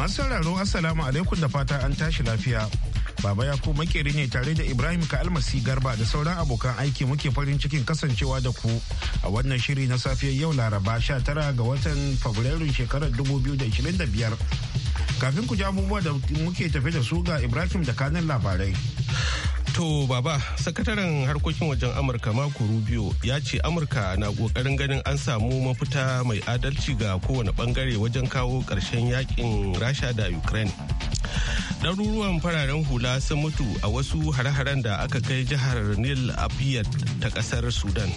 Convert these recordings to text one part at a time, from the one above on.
Masu sauraro Assalamu alaikum da fata an tashi lafiya. Baba ya ku makeri ne tare da Ibrahim ka almasi garba da sauran abokan aiki muke farin cikin kasancewa da ku a wannan shiri na safiyar yau Laraba 19 ga watan Fabrairun shekarar 2025. Kafin ku ji abubuwa da muke tafe da su ga Ibrahim da kanan labarai. To baba, sakataren harkokin wajen Amurka mako Rubio ya ce Amurka na kokarin ganin an samu mafita mai adalci ga kowane bangare wajen kawo ƙarshen yakin Rasha da Ukraine. Ɗaruruwan fararen hula sun mutu a wasu hare-haren da aka kai jihar Nil Abiyat ta ƙasar Sudan.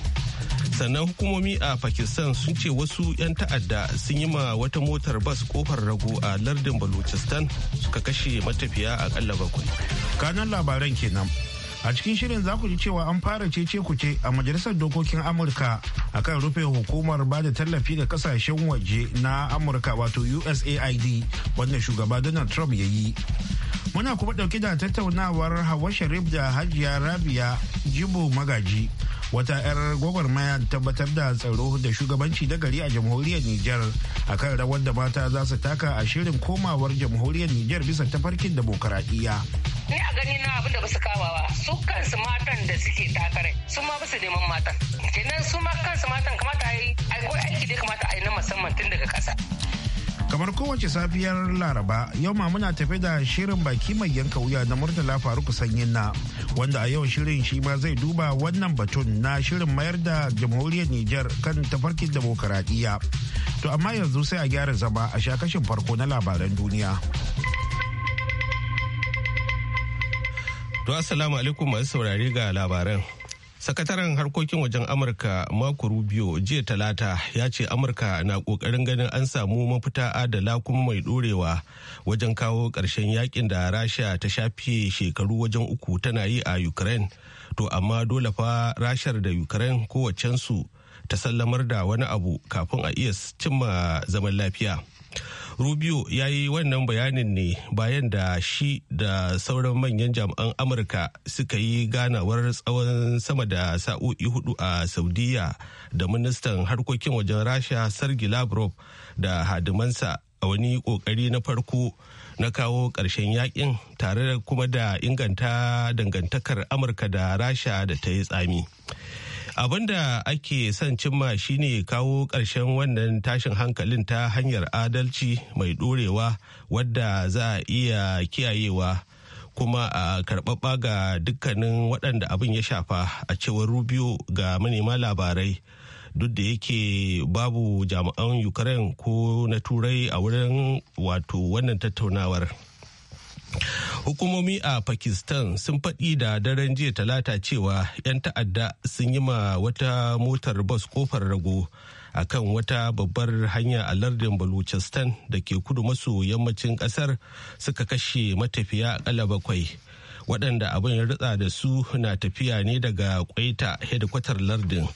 Sannan hukumomi a Pakistan sun ce wasu 'yan ta'adda sun yi ma wata motar bas kofar rago a lardin Balochistan suka kashe matafiya a bakwai. kanan labaran kenan a cikin shirin za ku ji cewa an fara cece kuce a majalisar dokokin amurka akan rufe hukumar ba da tallafi ga kasashen waje na amurka wato usaid wanda shugaba donald trump ya yi muna kuma dauke da tattaunawar hawa sharif da hajiya rabia jibo magaji wata 'yar gwagwarmaya tabbatar da tsaro da shugabanci da gari a jamhuriyar Nijar a kan rawar da mata za su taka a shirin komawar jamhuriyar Nijar bisa tafarkin demokaradiyya. Ni a gani na abin da su kawawa su kansu matan da suke takarai su ma su neman matan. Kenan su ma kansu matan kamata a yi aiki da kamata a yi na musamman tun daga ƙasa. kamar kowace safiyar laraba yau ma muna tafe da shirin baki mai yanka wuya na murtala faruk sanyin na wanda a yau shirin shi ma zai duba wannan batun na shirin mayar da jamhuriyar niger kan tafarkin demokaradiyya to amma yanzu sai a gyara zama a shakashin farko na labaran duniya to assalamu alaikum masu saurari ga labaran sakataren harkokin wajen amurka marco rubio jiya talata ya ce amurka na kokarin ganin an samu mafita da kuma mai dorewa wajen kawo karshen yakin da rasha ta shafe shekaru wajen uku tana yi a ukraine to amma dole fa rashar da ukraine kowacensu ta sallamar da wani abu kafin a iya cimma zaman lafiya rubio ya yi wannan bayanin ne bayan da shi da sauran manyan jami'an amurka suka yi ganawar tsawon sama da sa'o'i hudu a saudiya da ministan harkokin wajen rasha sergi lavrov da hadimansa a wani kokari na farko na kawo ƙarshen yakin tare da kuma da inganta dangantakar amurka da rasha da ta yi tsami abin da ake son cimma shine kawo ƙarshen wannan tashin hankalin ta hanyar adalci mai ɗorewa wadda za a iya kiyayewa kuma a karɓaɓɓa ga dukkanin waɗanda abin ya shafa a cewar rubio ga manema labarai duk da yake babu jami'an ukraine ko na turai a wurin wato wannan tattaunawar. Hukumomi a Pakistan sun faɗi da daren jiya talata cewa 'yan ta'adda sun yi ma wata motar bas kofar rago a kan wata babbar hanya a lardin Baluchistan da ke kudu maso yammacin ƙasar suka kashe matafiya ƙala bakwai. waɗanda abin ya ritsa da su na tafiya ne daga kwaita hedikwatar lardin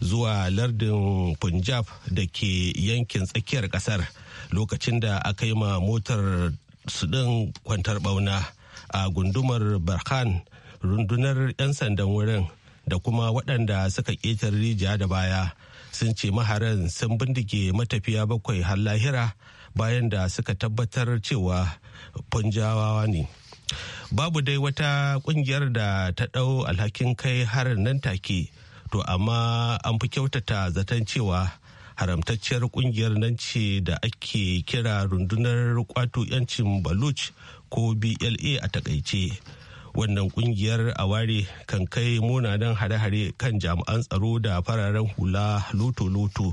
zuwa lardin punjab da ke yankin tsakiyar ƙasar lokacin da aka yi ma motar su ɗin kwantar ɓauna a gundumar barhan rundunar 'yan sandan wurin da kuma waɗanda suka ƙetar rijiya da baya sun ce maharan sun bindige matafiya bakwai har lahira bayan da suka tabbatar cewa punjawawa ne babu dai wata ƙungiyar da ta ɗau alhakin kai harin nan take to amma an fi kyautata zaton cewa haramtacciyar kungiyar nan ce da ake kira rundunar kwato 'yancin baluch ko BLA a takaice. Wannan kungiyar a ware kan kai munanan hare-hare kan jami'an tsaro da fararen hula loto-loto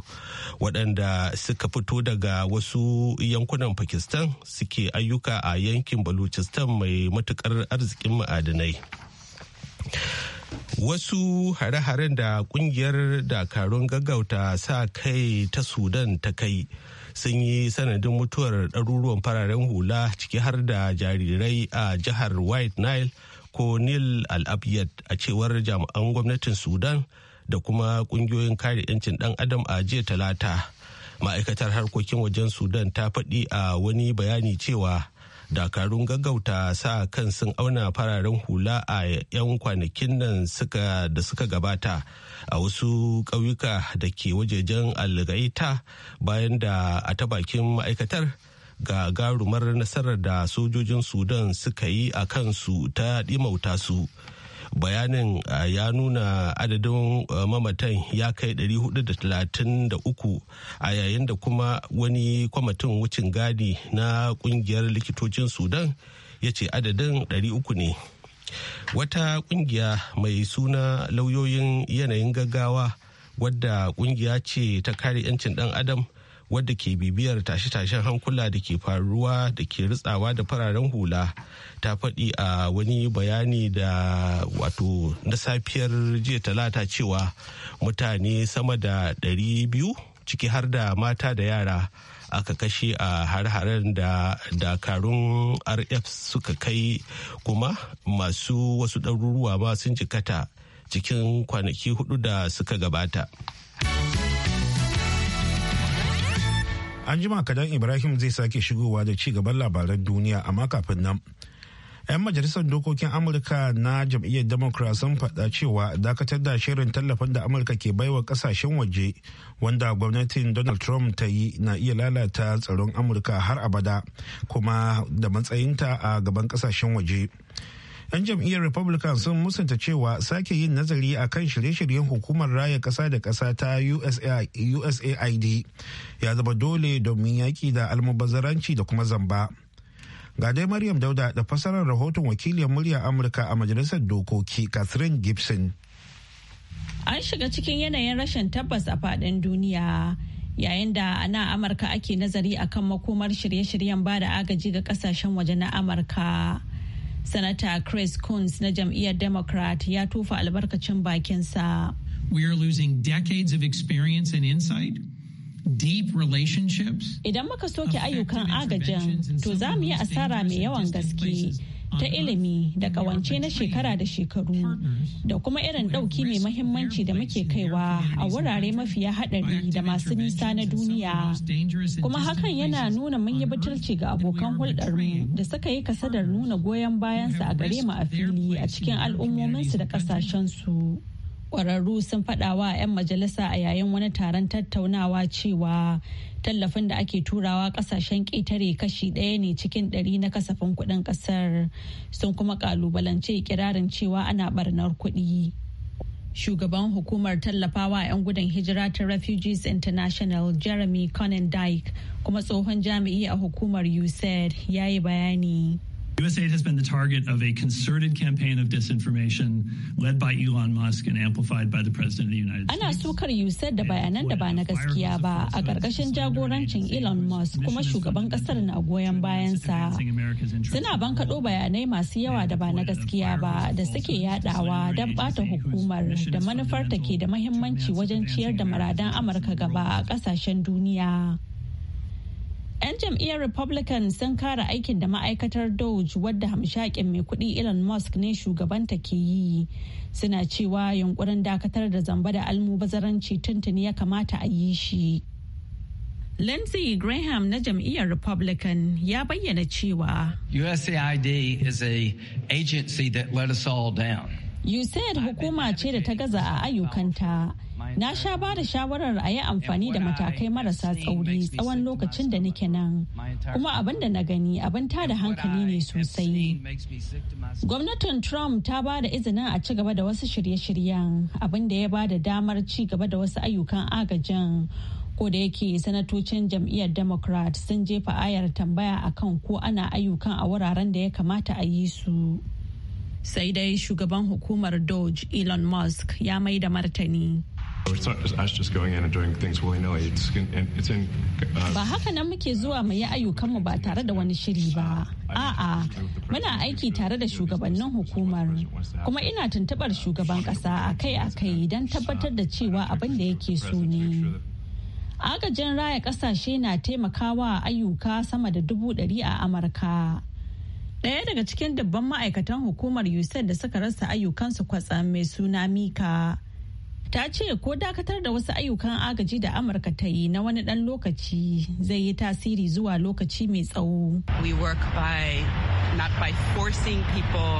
waɗanda suka fito daga wasu yankunan Pakistan suke ayyuka a yankin Baluchistan mai matukar arzikin ma'adinai. wasu hare-haren da kungiyar dakarun gaggauta sa kai ta sudan ta kai sun yi sanadin mutuwar ɗaruruwan fararen hula ciki har da jarirai a jihar white nile ko nil al-abyad a cewar jami'an gwamnatin sudan da kuma kungiyoyin kare 'yancin ɗan adam a jiya talata ma'aikatar harkokin wajen sudan ta faɗi a wani bayani cewa dakarun gaggauta sa kan sun auna fararen hula a 'yan kwanakin nan da suka gabata a wasu ƙauyuka da ke wajejen algaita bayan da a ta bakin ma'aikatar ga garumar nasarar da sojojin sudan suka yi a kansu ta ɗimauta su. bayanin ya nuna adadin mamatan ya kai 433 a yayin da kuma wani kwamitin wucin gadi na kungiyar likitocin sudan ya ce adadin 300 ne wata kungiya mai suna lauyoyin yanayin gaggawa wadda kungiya ce ta kare 'yancin dan adam wadda ke bibiyar tashe-tashen hankula da ke faruwa da ke ritsawa da fararen hula ta faɗi a wani bayani da wato na safiyar jiya talata cewa mutane sama da ɗari biyu ciki har da mata da yara aka kashe a har-haren da dakarun rf suka kai kuma masu wasu ɗaruruwa ba sun jikata cikin kwanaki hudu da suka gabata. An jima kadan Ibrahim zai sake shigowa da ci gaban labaran duniya amma kafin nan. 'Yan majalisar dokokin Amurka na jam'iyyar Democrat sun faɗa cewa dakatar da shirin tallafin da Amurka ke baiwa kasashen waje wanda gwamnatin Donald Trump ta yi na iya lalata tsaron Amurka har abada kuma da matsayinta a gaban kasashen waje. 'Yan jam'iyyar Republican sun musanta cewa sake yin nazari a kan shirye-shiryen hukumar raya ƙasa da ƙasa ta USAID ya zama dole domin yaƙi da almubazzaranci da kuma zamba. Ga dai Maryam Dauda da fasarar rahoton wakiliyar murya Amurka a Majalisar Dokoki Catherine Gibson. An shiga cikin yanayin rashin tabbas a faɗin duniya. yayin da a amurka ake nazari akan makomar shirye-shiryen ba da agaji ga kasashen waje na amurka Sanata Chris Coons na jam'iyyar Democrat ya tofa albarkacin bakinsa. We are losing decades of experience and insight. deep relationships. Idan muka soke ayyukan agajin, to za mu yi asara mai yawan gaske. ta ilimi da ƙawance na shekara da shekaru da kuma irin ɗauki mai mahimmanci da muke kaiwa a wurare mafiya haɗari da masu nisa na duniya kuma hakan yana nuna mun yi butulci ga abokan hulɗarmu da suka yi kasadar nuna goyon bayansu a gare mu a fili a cikin al'ummominsu da ƙasashensu. kwararru sun faɗawa 'yan majalisa a yayin wani taron tattaunawa cewa tallafin da ake turawa kasashen ƙetare kashi ɗaya ne cikin ɗari na kasafin kuɗin ƙasar sun kuma ƙalubalance ƙirarin cewa ana ɓarnar kuɗi. Shugaban hukumar tallafawa 'yan gudun hijira ta Refugees International Jeremy Conan Dyke kuma tsohon jami'i a hukumar USAID ya yi bayani. USAID has been the target of a concerted campaign of disinformation led by Elon Musk and amplified by the President of the United States. Ana sukar USAID da bayanan da ba na gaskiya ba a ƙarƙashin jagorancin Elon Musk kuma shugaban ƙasar na goyon bayansa. Suna bankaɗo bayanai masu yawa da ba na gaskiya ba da suke yadawa don ɓata hukumar da manufar take da mahimmanci wajen ciyar da maradan Amurka gaba a ƙasashen duniya. 'Yan jam'iyyar Republican sun kara aikin da ma'aikatar Doge wadda hamshakin mai kuɗi Elon Musk ne shugabanta ke yi. Suna cewa yunkurin dakatar da zamba da almubazaranci tuntuni ya kamata a yi shi. Lindsey Graham na jam'iyyar Republican ya bayyana cewa USAID is a agency that let us all down. USAID hukuma ce da ta gaza a ayyukanta. Na sha ba da shawarar a yi amfani da matakai marasa tsauri tsawon lokacin da nake nan, kuma abin da na gani abin ta da hankali ne sosai. Gwamnatin Trump ta ba da izinin a ci gaba da wasu shirye-shiryen abin da ya ba da damar ci gaba da wasu ayyukan agajin. ko da yake sanatocin jam'iyyar democrat sun jefa ayar tambaya akan ko ana ayyukan a wuraren da ya kamata a yi su sai dai shugaban hukumar doge elon musk ya mai da martani Uh, ba haka nan muke zuwa mu yi ayyukanmu ba tare da wani shiri ba. A'a, muna aiki tare da shugabannin hukumar. Kuma ina tuntubar shugaban ƙasa akai-akai don tabbatar da cewa abin da yake so ne. Agajin raya ƙasashe na taimakawa ayyuka sama da dubu ɗari a Amurka. Ɗaya daga cikin dubban ma'aikatan hukumar USAID da suka rasa ayyukansu kwatsam mai suna Mika. ta ce ko dakatar da wasu ayyukan agaji da amurka ta yi na wani dan lokaci zai yi tasiri zuwa lokaci mai tsawo not by forcing people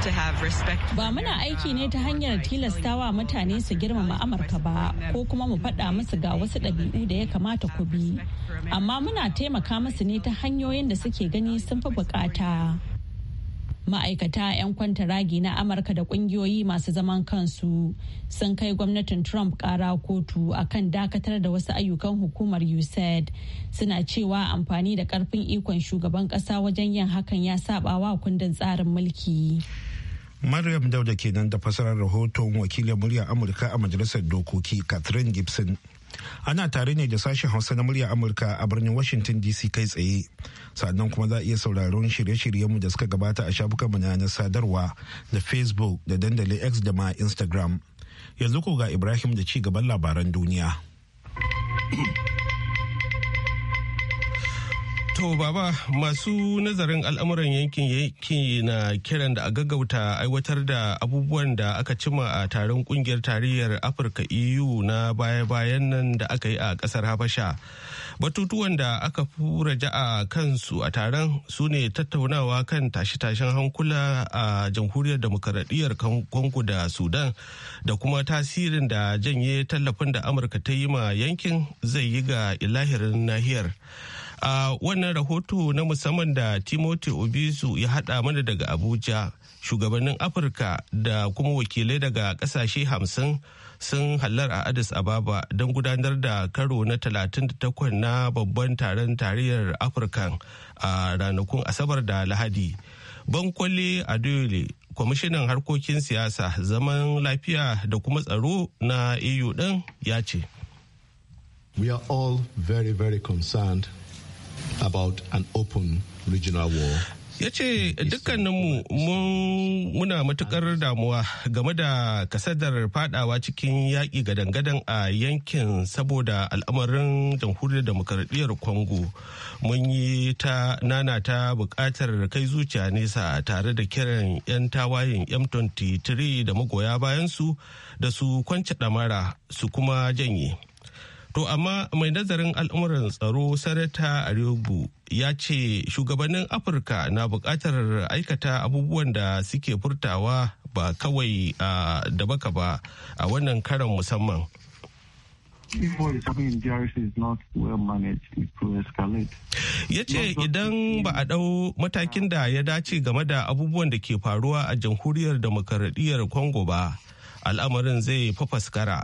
to have respect. Ba muna aiki ne uh, ta hanyar tilastawa mutane su girmama Amurka ba ko kuma mu faɗa musu ga wasu ɗabi'u da ya kamata ku bi. Amma muna taimaka musu ne ta hanyoyin da suke gani sun fi buƙata. ma'aikata 'yan kwanta ragi na amurka da kungiyoyi masu zaman kansu sun kai gwamnatin trump kara kotu akan dakatar da wasu ayyukan hukumar usaid suna cewa amfani da karfin ikon shugaban kasa wajen yin hakan ya sabawa kundin tsarin mulki maryam dauda kenan da fasarar rahoton wakilin muryar amurka a majalisar dokoki catherine gibson ana tare ne da sashen hausa na murya amurka a birnin washington dc kai tsaye sannan kuma za a iya sauraron shirye-shiryenmu da suka gabata a shafukan mu na sadarwa da facebook da dandalin x da ma instagram yanzu ko ga ibrahim da ci gaban labaran duniya To baba masu nazarin al'amuran yankin yankin na kiran da a gaggauta aiwatar da abubuwan da aka cima a taron kungiyar tarayyar Afirka EU na baya-bayan nan da aka yi a kasar Habasha. Batutuwan da aka fura ja'a kansu a taron su ne tattaunawa kan tashe-tashen hankula a jamhuriyar demokaradiyyar Congo da Sudan da kuma tasirin da janye tallafin da Amurka ta yi ma yankin zai yi ga ilahirin nahiyar. a wannan rahoto na musamman da Timoti obisu ya hada mana daga abuja shugabannin afirka da kuma wakilai daga kasashe hamsin sun hallar a addis ababa don gudanar da karo na 38 na babban taron tarayyar afirka a ranakun asabar da lahadi bankwale dole kwamishinan harkokin siyasa zaman lafiya da kuma tsaro na eu din ya ce we are all very very concerned about an open regional war ya ce dukkaninmu muna matukar damuwa game da kasadar fadawa cikin yaƙi gadangadan a yankin saboda al'amarin jamhuriyar demokaradiyyar congo mun yi ta nana ta buƙatar kai zuciya nesa tare da kiran 'yan tawayen m23 da magoya bayansu da su kwance ɗamara su kuma janye To amma mai nazarin al'amuran tsaro Sarata Ariobu ya ce shugabannin Afirka na buƙatar aikata abubuwan da suke furtawa ba kawai da baka ba a wannan karan musamman. ya ce idan ba a ɗau matakin da ya dace game da abubuwan da ke faruwa a jamhuriyar demokaradiyyar Kongo ba al'amarin zai fafaskara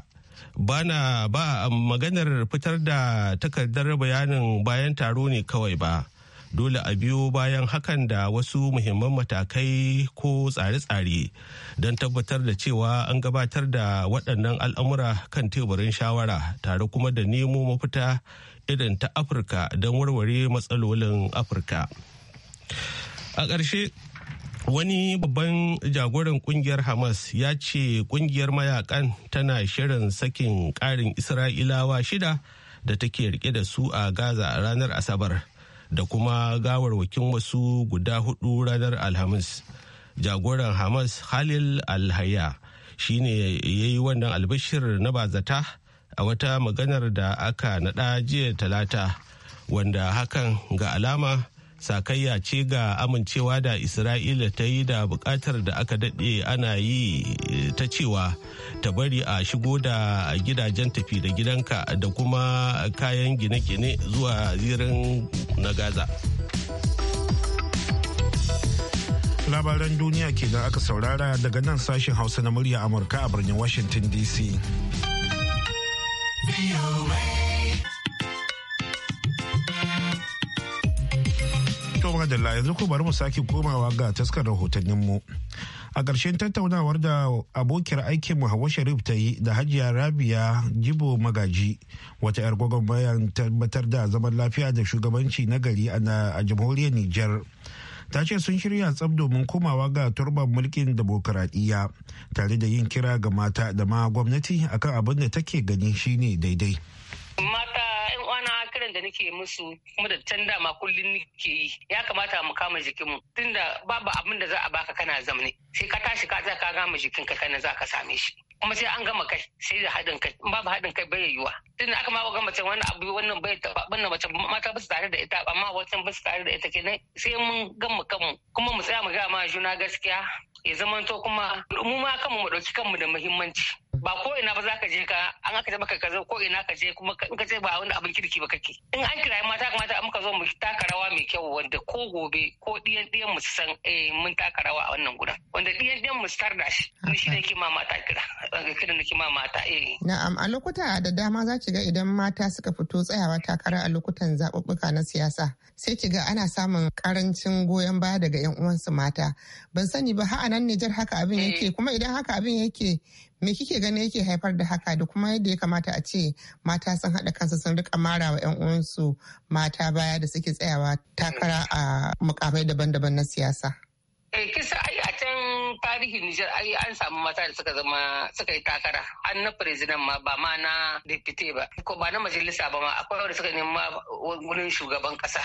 bana ba maganar fitar da takardar bayanin bayan taro ne kawai ba dole a biyo bayan hakan da wasu muhimman matakai ko tsare-tsare don tabbatar da cewa an gabatar da waɗannan al'amura kan teburin shawara tare kuma da nemo mafita irin ta afirka don warware matsalolin afirka a ƙarshe wani babban jagoran kungiyar hamas ya ce kungiyar mayakan tana shirin sakin karin isra'ilawa shida da take rike da su a gaza a ranar asabar da kuma gawarwakin wasu guda hudu ranar alhamis jagoran hamas halil alhaya shine ya yi wannan albashir na bazata a wata maganar da aka naɗa jiya talata wanda hakan ga alama sakayya ce ga amincewa da isra'ila ta yi da bukatar da aka daɗe ana yi eh, ta cewa ta bari a shigo da gidajen tafi da gidanka da kuma kayan gine-gine zuwa zirin na gaza labaran duniya ke da aka saurara daga nan sashen hausa na murya amurka a birnin washington dc madalla yanzu ku bari mu sake komawa ga taskar rahotanninmu. A ƙarshen tattaunawar da abokiyar aikin mu Hawa Sharif ta yi da Hajiya Rabia Jibo Magaji wata 'yar gwagwarmayar tabbatar da zaman lafiya da shugabanci na gari a jamhuriyar Nijar. ta ce sun shirya tsab domin komawa ga turban mulkin demokuraɗiyya tare da yin kira ga mata da ma gwamnati akan abin da take gani shine daidai. kiran da nake musu kuma da can dama kullum nake yi ya kamata mu kama jikinmu tunda babu abin da za a baka kana zamne sai ka tashi ka za ka gama jikinka kana za ka same shi kuma sai an gama kai sai da haɗin kai babu haɗin kai bai yiwuwa tunda aka ma gama mace wannan abu wannan bai taɓa wannan mace mata ba su tare da ita amma wancan ba su tare da ita kenan sai mun gama kanmu kuma mu tsaya mu gama ma juna gaskiya ya zamanto kuma mu ma kanmu mu ɗauki kanmu da muhimmanci ba ko ina ba za ka je ka an aka taba ka ko ina ka je kuma in ka ce ba wanda abin kirki ba kake in an kira mata kamata an muka zo mu taka rawa mai kyau wanda ko gobe ko diyan diyan mu san eh mun taka rawa a wannan gudan wanda diyan diyan mu star da shi ni shi ne ke ma mata kira kiran da ke ma mata eh na'am a lokuta da dama za ki ga idan mata suka fito tsayawa takara a lokutan zaɓuɓɓuka na siyasa sai ki ga ana samun karancin goyon baya daga yan uwansu mata ban sani ba ha'a nan Nijar haka abin eh. yake kuma idan haka abin yake me kike ganin yake haifar da haka da kuma yadda ya kamata a ce mata sun haɗa kansu sun rika mara wa 'yan uwansu mata baya da suke tsayawa takara a mukamai daban-daban na siyasa. Eh, kisa tarihin Nijar ai an samu mata da suka zama suka yi takara an na president ma ba ma na deputy ba ko ba na majalisa ba ma akwai wanda suka nema wurin shugaban kasa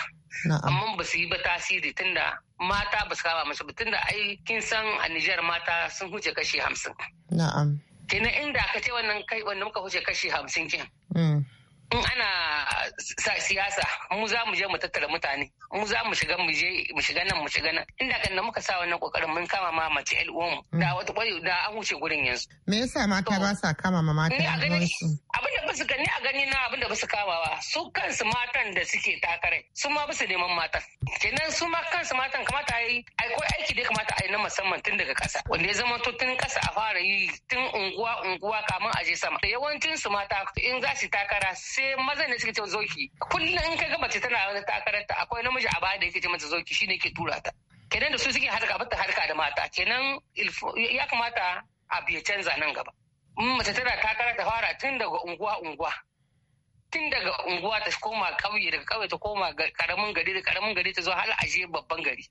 amma ba su yi ba tasiri tunda mata ba su kama masu ba tunda ai kin san a Nijar mata sun huce kashi hamsin. Na'am. Kina inda ka ce wannan kai wanda muka huce kashi hamsin kin. Mm. in ana sa siyasa mu za mu je mu tattara mutane mu za mu shiga mu je mu shiga nan mu shiga nan inda kan muka sa wannan kokarin mun kama ma mace ƴan uwanmu da wata kwayo da an wuce gurin yanzu me yasa mata ba sa kama ma mata a gani abin da basu gani a gani na abin da basu kama ba su kansu matan da suke takarai su ma basu neman matan kenan su ma kansu matan kamata a yi ko aiki da kamata a yi na musamman tun daga kasa. wanda ya zama to tun ƙasa a fara yi tun unguwa unguwa kamar a je sama yawancin su mata in za su takara sai maza ne suke cewa zoki kullum in ka ga mace tana takarar ta akwai namiji a baya da yake ce mata zoki shine yake tura ta kenan da su suke harka bata harka da mata kenan ya kamata a biya canza nan gaba mace tana takara ta fara tun daga unguwa unguwa tun daga unguwa ta koma kauye daga kauye ta koma karamin gari da karamin gari ta zo har aje babban gari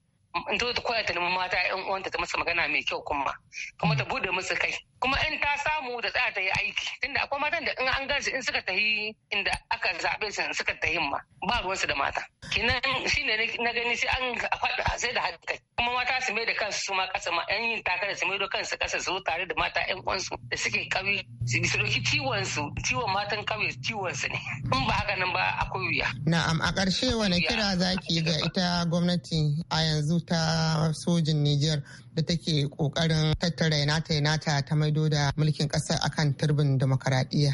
in ta koya ta neman mata yan uwanta ta masa magana mai kyau kuma kuma ta bude musu kai kuma in ta samu da tsaya ta yi aiki tunda akwai matan da in an gansu in suka ta yi inda aka zaɓe su suka ta yi ma ba ruwansu da mata kinan shi ne na gani sai an faɗa sai da haɗa kuma mata su mai da kansu su ma ƙasa ma yan yin takara su mai da kansu ƙasa su tare da mata yan uwansu da suke ƙauye su ɗauki ciwon su ciwon matan ƙauye ciwon su ne in ba haka nan ba akwai wuya. na'am a ƙarshe wani kira zaki ga ita gwamnati a yanzu ta sojin Nijar da take ƙoƙarin tattara nata nata ta mai maido da mulkin ƙasar akan turbin demokaradiyya.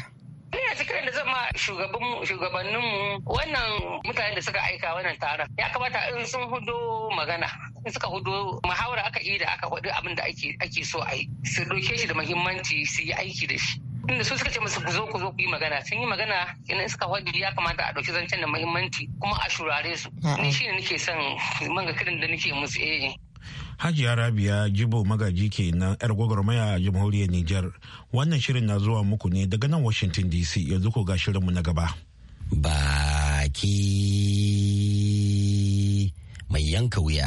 da zama shugaban shugabanninmu wannan mutanen da suka aika wannan taron ya kamata in sun hudo magana in suka hudo muhawara aka yi da aka faɗi abin da ake so a yi su doke shi da muhimmanci su yi aiki da shi inda su suka ce musu ku zo ku zo ku yi magana sun yi magana In suka faɗi ya kamata a ɗauki zancen da muhimmanci kuma a shurare su ni shine nake son manga kiran da nake musu eh Hajiya Rabia Jibo Magaji ke nan 'yar gwagwarmaya a jamhuriyar Nijar. Wannan shirin na zuwa muku ne daga nan Washington DC yanzu ko ga shirinmu na gaba. Baki mai yanka wuya.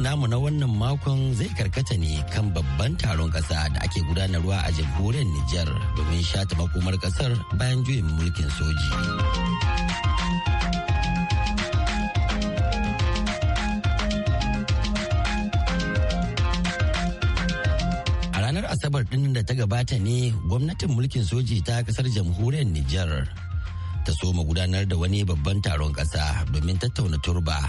namu na wannan makon zai karkata ne kan babban taron ƙasa da ake gudanarwa a jamhuriyar Nijar domin shata makomar ƙasar bayan juyin mulkin soji. A ranar Asabar ɗin da ta gabata ne gwamnatin mulkin soji ta ƙasar jamhuriyar Nijar ta soma gudanar da wani babban taron ƙasa domin tattauna turba.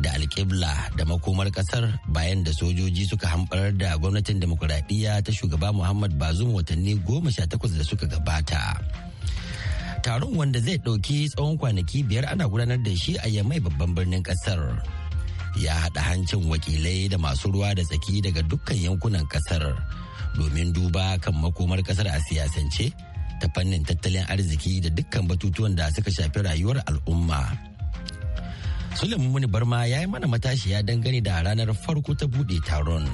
da alƙibla da makomar ƙasar bayan da sojoji suka hamɓarar da gwamnatin demokuraɗiyya ta shugaba muhammad bazum watanni goma sha takwas da suka gabata taron wanda zai ɗauki tsawon kwanaki biyar ana gudanar da shi a yamai babban birnin ƙasar ya haɗa hancin wakilai da masu ruwa da tsaki daga dukkan yankunan ƙasar domin duba kan makomar ƙasar a siyasance ta fannin tattalin arziki da dukkan batutuwan da suka shafi rayuwar al'umma. Sulaiman Muni Barma ya yi mana matashi ya dangane da ranar farko ta bude taron.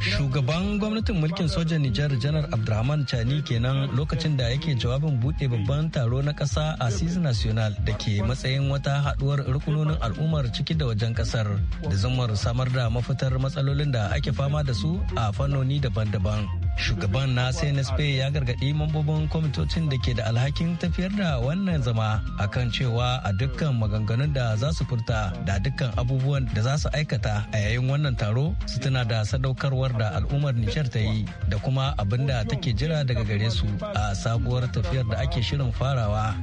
Shugaban gwamnatin mulkin sojan Nijar Janar Abdurrahman Chani kenan lokacin da yake jawabin bude babban taro na ƙasa a cis National da ke matsayin wata haɗuwar rukunonin al'ummar ciki da wajen ƙasar da zumar samar da mafitar matsalolin da ake fama da su a fannoni daban-daban. shugaban na cnsp ya gargaɗi mambobin kwamitocin da ke da alhakin tafiyar da wannan zama akan cewa a dukkan maganganun da za su furta da dukkan abubuwan da za su aikata a yayin wannan taro su tuna da sadaukarwar da al'ummar nijar ta yi da kuma abin da take jira daga gare su a sabuwar tafiyar da ake shirin farawa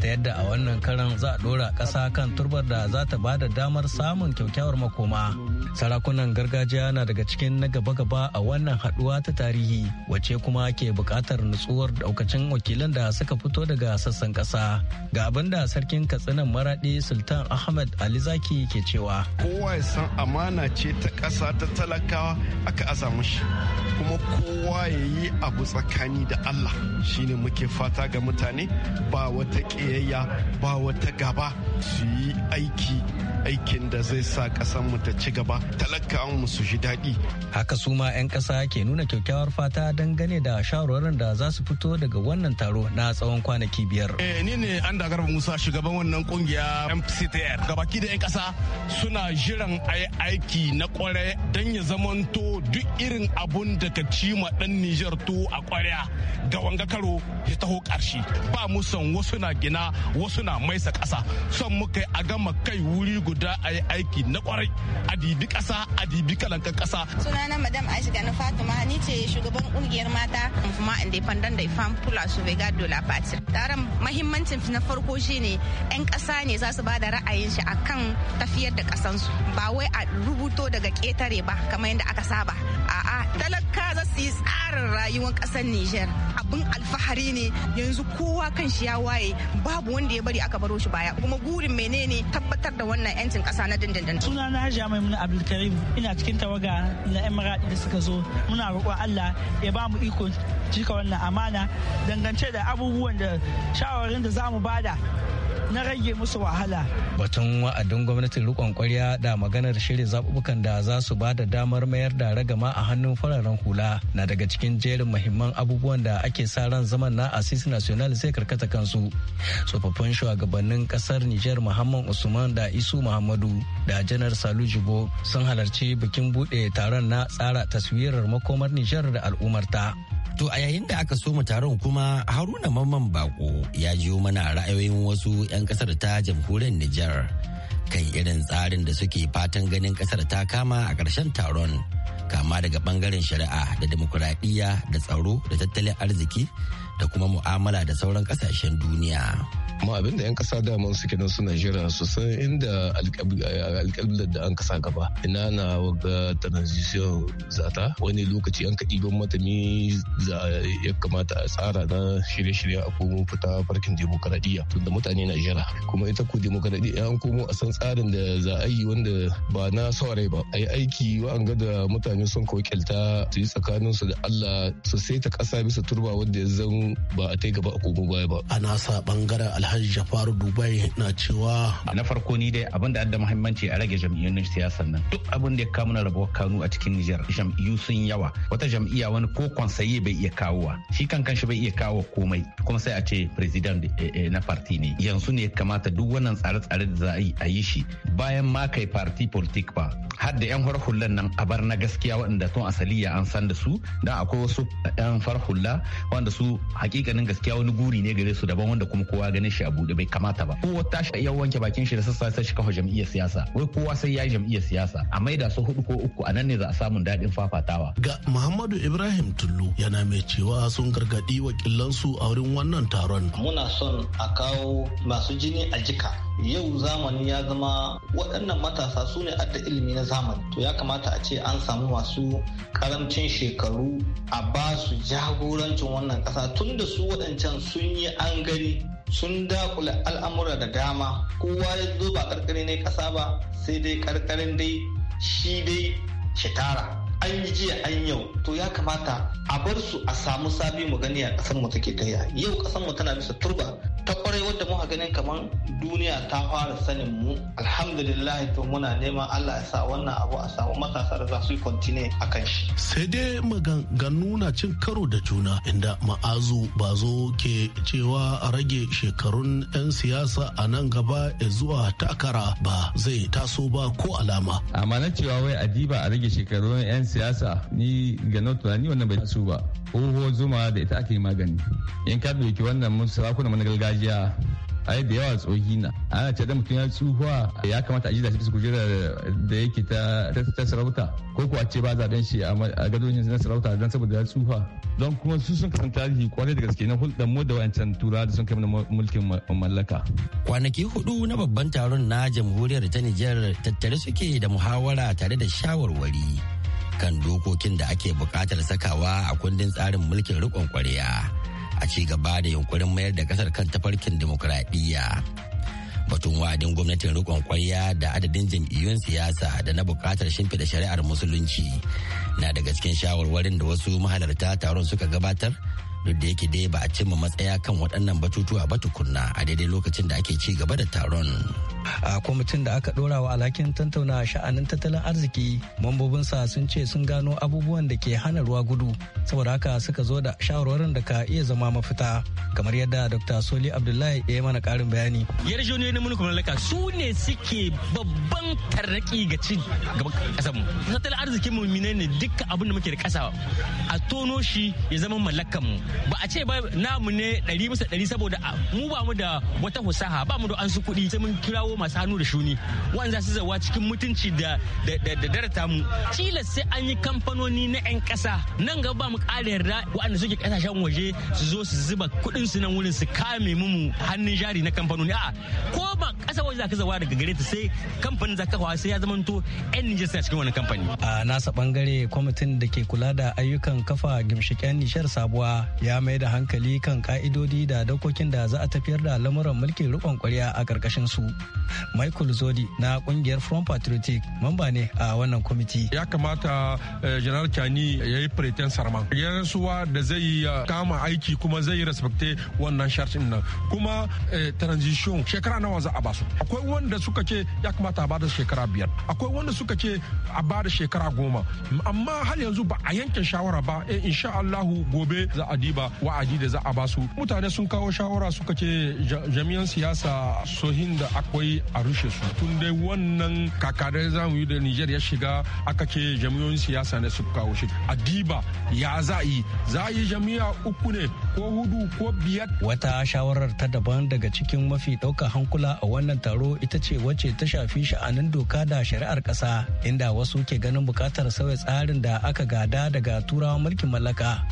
ta yadda a wannan karan za a dora ƙasa kan turbar da za ta bada damar samun kyaukyawar makoma sarakunan gargajiya na daga cikin na gaba-gaba a wannan haɗuwa ta tarihi tarihi wace kuma ke bukatar nutsuwar daukacin wakilan da suka fito daga sassan ƙasa ga abin da sarkin katsinan maraɗi sultan ahmed ali zaki ke cewa kowa ya san amana ce ta ƙasa ta talakawa aka aza mushi kuma kowa ya yi abu tsakani da allah shine muke fata ga mutane ba wata ƙiyayya ba wata gaba su yi aiki aikin da zai sa ƙasarmu ta ci gaba mu su ji daɗi haka su ma 'yan ƙasa ke nuna kyakkyawar fata dangane da shawarwarin da za su fito daga wannan taro na tsawon kwanaki biyar. Eh, ni ne an da garba musa shugaban wannan kungiya mctr gabaki da 'yan kasa suna jiran yi aiki na kwarai don ya zamanto duk irin abun da ka ci ma dan nijar to a kwarya ga wanga karo ya taho karshe ba mu san wasu na gina wasu na maisa kasa son muka a gama kai wuri guda yi aiki na kwarai adibi kasa adibi kalankan kasa sunana madam aisha fatima ni ce shugaban kungiyar mata kuma independent da ifan pula su vega dola party taron mahimmancin na farko shine yan kasa ne za su ba da ra'ayin shi akan tafiyar da kasansu ba wai a rubuto daga ketare ba kamar yadda aka saba a'a talaka za su yi tsarin rayuwar ƙasar Nijar. Abin alfahari ne yanzu kowa kan shi ya waye babu wanda ya bari aka baro shi baya kuma gurin menene tabbatar da wannan 'yancin ƙasa na dindindin. Suna na Hajiya Maimuna Abdulkarim ina cikin tawaga na 'yan da suka zo muna roƙon Allah ya ba mu iko cika wannan amana dangance da abubuwan da shawarin da za mu bada na rage musu wahala. Batun wa'adin gwamnatin rikon kwarya da maganar shirin zaɓuɓɓukan da za su ba da damar mayar da ragama a hannun fararen hula na daga cikin jerin muhimman abubuwan da ake sa ran zaman na Asisi National zai karkata kansu. Tsofaffin shugabannin ƙasar Nijar Muhammad Usman da Isu Muhammadu da Janar Salu Jibo sun halarci bikin buɗe taron na tsara taswirar makomar Nijar da al'ummarta. To a yayin da aka soma taron kuma Haruna Mamman Bako ya jiyo mana ra'ayoyin wasu 'yan kasar ta jamhuriyar Nijar kan irin tsarin da suke fatan ganin kasar ta kama a ƙarshen taron. Kama daga ɓangaren shari'a da demokuraɗiyya da tsaro da tattalin arziki da kuma mu'amala da sauran ƙasashen duniya. amma abin da 'yan kasa daman suke nan su jira su san inda alƙalbilar da an kasa gaba ina na waga transition zata wani lokaci an ka don mata za ya kamata a tsara na shirye-shirye a komo fita farkin demokaradiyya tunda mutane na jira kuma ita ku demokaradiyya an komo a san tsarin da za a yi wanda ba na saurayi ba a yi aiki wa'anga da mutane sun kokilta su yi tsakanin su da Allah su ta kasa bisa turba wanda ya zan ba a ta gaba a komo baya ba. sa nasa bangaren alhaji jafaru dubai na cewa na farko ni dai abin da adda muhimmanci a rage jam'iyyun siyasar nan duk abin da ya kawo na rabuwar kanu a cikin nijar jam'iyyu sun yawa wata jam'iyya wani ko konsaye bai iya kawowa shi kan kanshi bai iya kawo komai kuma sai a ce president eh, eh, na parti ne yanzu ne kamata duk wannan tsare-tsare da za a yi shi bayan ma kai parti politik ba har da yan farhullan nan a bar na gaskiya waɗanda tun asali ya an san da su dan akwai wasu yan farhulla wanda su hakikanin gaskiya wani guri ne gare su daban wanda kuma kowa ganin shi shi a buɗe bai kamata ba kowa tashi ya wanke bakin shi da sassa sai shi kafa jam'iyyar siyasa wai kowa sai ya jam'iyyar siyasa a da su hudu ko uku a nan ne za a samun daɗin fafatawa ga Muhammadu Ibrahim Tullu yana mai cewa sun gargadi wakilan su a wurin wannan taron muna son a kawo masu jini a jika yau zamani ya zama waɗannan matasa su ne adda ilimi na zamani to ya kamata a ce an samu masu karamcin shekaru a ba su jagorancin wannan ƙasa tun da su waɗancan sun yi an gani sun dakula al'amura da dama kowa ya zo ba karkare ne kasa ba sai dai karkarin dai shi dai shitara an yi jiya an yau to ya kamata a bar su a samu sabi mu gani a kasar mu take ta yau kasar mu tana bisa turba ta kwarai wadda muka ganin kamar duniya ta fara sanin mu alhamdulillah to muna neman Allah ya sa wannan abu a samu matasa da za su kontine a kan shi sai dai maganganu na cin karo da juna inda ma'azu bazo ke cewa a rage shekarun 'yan siyasa a nan gaba zuwa takara ba zai taso ba ko alama amma na cewa wai adiba a rage shekarun 'yan siyasa ni ga tunani wannan bai taso ba oho zuma da ita ake magani in ka dauki wannan mun sarakuna mana gargajiya gargajiya ai da yawa tsohi na ana ce da mutum ya tsuhuwa ya kamata a ji da su kujerar da yake ta sarauta ko kuwa ce ba zaben shi a gadojin na sarauta don saboda ya tsuhuwa don kuma su sun kasan tarihi kwarai da gaske na hulɗar mu da wancan tura da sun kai mulkin mallaka. kwanaki hudu na babban taron na jamhuriyar ta nijar tattare suke da muhawara tare da shawarwari kan dokokin da ake buƙatar sakawa a kundin tsarin mulkin riƙon ƙwarya. a ci gaba da yunkurin mayar da kasar kan tafarkin demokuraɗiyya. batun wa'adin gwamnatin riƙon kwarya da adadin jam'iyyun siyasa da na bukatar shimfiɗa shari'ar musulunci na daga cikin shawarwarin da wasu mahalarta taron suka gabatar duk da yake dai ba a cimma matsaya kan waɗannan batutuwa ba tukunna a daidai lokacin da ake ci gaba da taron. A kwamitin da aka ɗora wa alhakin tantauna sha'anin tattalin arziki sa sun ce sun gano abubuwan da ke hana ruwa gudu saboda haka suka zo da shawarwarin da ka iya zama mafita kamar yadda Dr. Soli Abdullahi ya yi mana ƙarin bayani. Yarjejeniyoyin mulkin mallaka su ne suke babban tarraki ga ci gaban mu. Tattalin arzikin mu ne dukkan abin da muke da ƙasa a tono shi ya zama mallakan mu. ba a ce ba namu ne ɗari bisa ɗari saboda ah, mu ba mu da wata fusaha ba mu da an su kuɗi sai mun kirawo masu hannu da shuni wanda su zawa cikin mutunci da darata mu tilas sai an yi kamfanoni na 'yan ƙasa nan gaba ba mu ƙara yarda waɗanda suke ƙasashen waje su zo su zuba kuɗin su nan wurin su kame mu hannun jari na kamfanoni a ko ba ƙasa waje za ka zawa daga gare ta sai kamfanin za ka kawo sai ya zama to 'yan Nijar suna cikin wani kamfani. A nasa bangare kwamitin da ke kula da ayyukan kafa gimshiƙen nishar sabuwa ya mai da hankali kan ka'idodi da dokokin da za a tafiyar da lamuran mulkin rikon kwarya a karkashin su michael zodi na kungiyar front patriotic mamba ne a wannan kwamiti ya kamata eh, general kani ya yi pretend sarman yaran suwa da zai eh, kama aiki kuma zai respecte wannan shartin nan kuma eh, transition shekara nawa za a basu akwai wanda suka ce ya kamata a bada shekara biyar akwai wanda suka ce a bada shekara goma amma har yanzu ba a yanke shawara ba insha allahu gobe za a ba wa'adi da za a basu mutane sun kawo shawara suka ce jami'an siyasa sohin da akwai a rushe su tun dai wannan kakadar zamu yi da niger ya shiga aka ce jami'an siyasa ne su kawo shi a ya za yi za yi jami'a uku ne ko hudu ko biyar wata shawarar ta daban daga cikin mafi ɗaukar hankula a wannan taro ita ce wacce ta shafi sha'anin doka da shari'ar ƙasa inda wasu ke ganin buƙatar sauya tsarin da aka gada daga turawan mulkin mallaka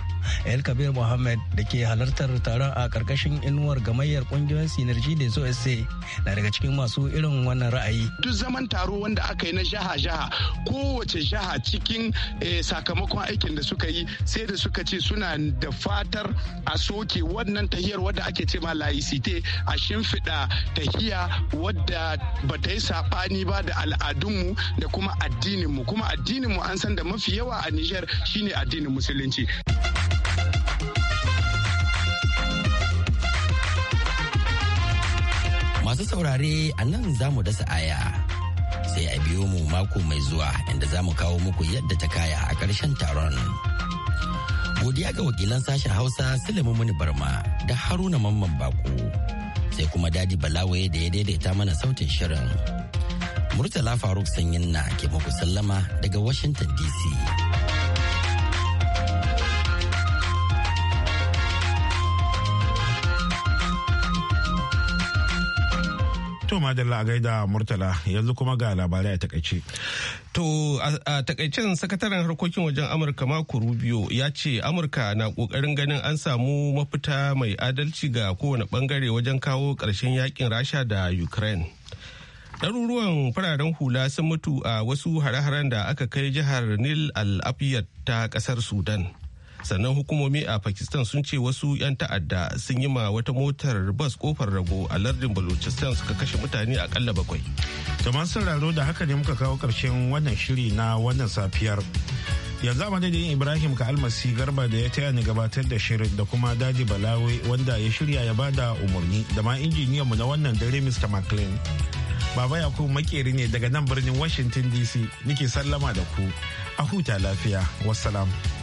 El Kabir Mohammed da ke halartar taron a karkashin inuwar gamayyar kungiyar Sinarji da SOSA na daga cikin masu irin wannan ra'ayi. Duk zaman taro wanda aka yi na jaha-jaha kowace jaha cikin eh, sakamakon aikin da suka yi sai da suka ce suna da fatar a soke wannan tahiyar wadda ake ce ma laicite a shimfiɗa tahiya wadda ba ta yi saɓani ba da al'adunmu da kuma addininmu kuma addininmu an san da mafi yawa a Nijar shine addinin musulunci. Masu saurare a nan za mu dasa aya. Sai a biyo mu mako mai zuwa inda za mu kawo muku yadda ta kaya a ƙarshen taron. Godiya ga wakilan sashen Hausa Sulaimu mini Barma da Haruna Mamman Bako. Sai kuma Dadi Balawe da ya daidaita mana sautin shirin. Murtala Faruk Sanyin na ke muku sallama daga Washington DC. To madalla a gaida Murtala yanzu kuma ga labarai a takaice. To a takaicen sakataren harkokin wajen Amurka makuru Rubio ya ce Amurka na kokarin ganin an samu mafita mai adalci ga kowane bangare wajen kawo ƙarshen yakin Rasha da Ukraine. Ɗaruruwan fararen hula sun mutu a wasu hare-haren da aka kai jihar Nil al ta ƙasar Sudan. sannan hukumomi a pakistan sun ce wasu 'yan ta'adda sun yi ma wata motar bas kofar rago a lardin balochistan suka kashe mutane akalla bakwai to sauraro da haka ne muka kawo karshen wannan shiri na wannan safiyar yanzu a madadin ibrahim ka almasi garba da ya taya ni gabatar da shirin da kuma daji balawe wanda ya shirya ya bada umarni da ma mu na wannan dare mr mclean Baba Yakubu makeri ne daga nan birnin Washington DC nike sallama da ku. A huta lafiya. Wassalam.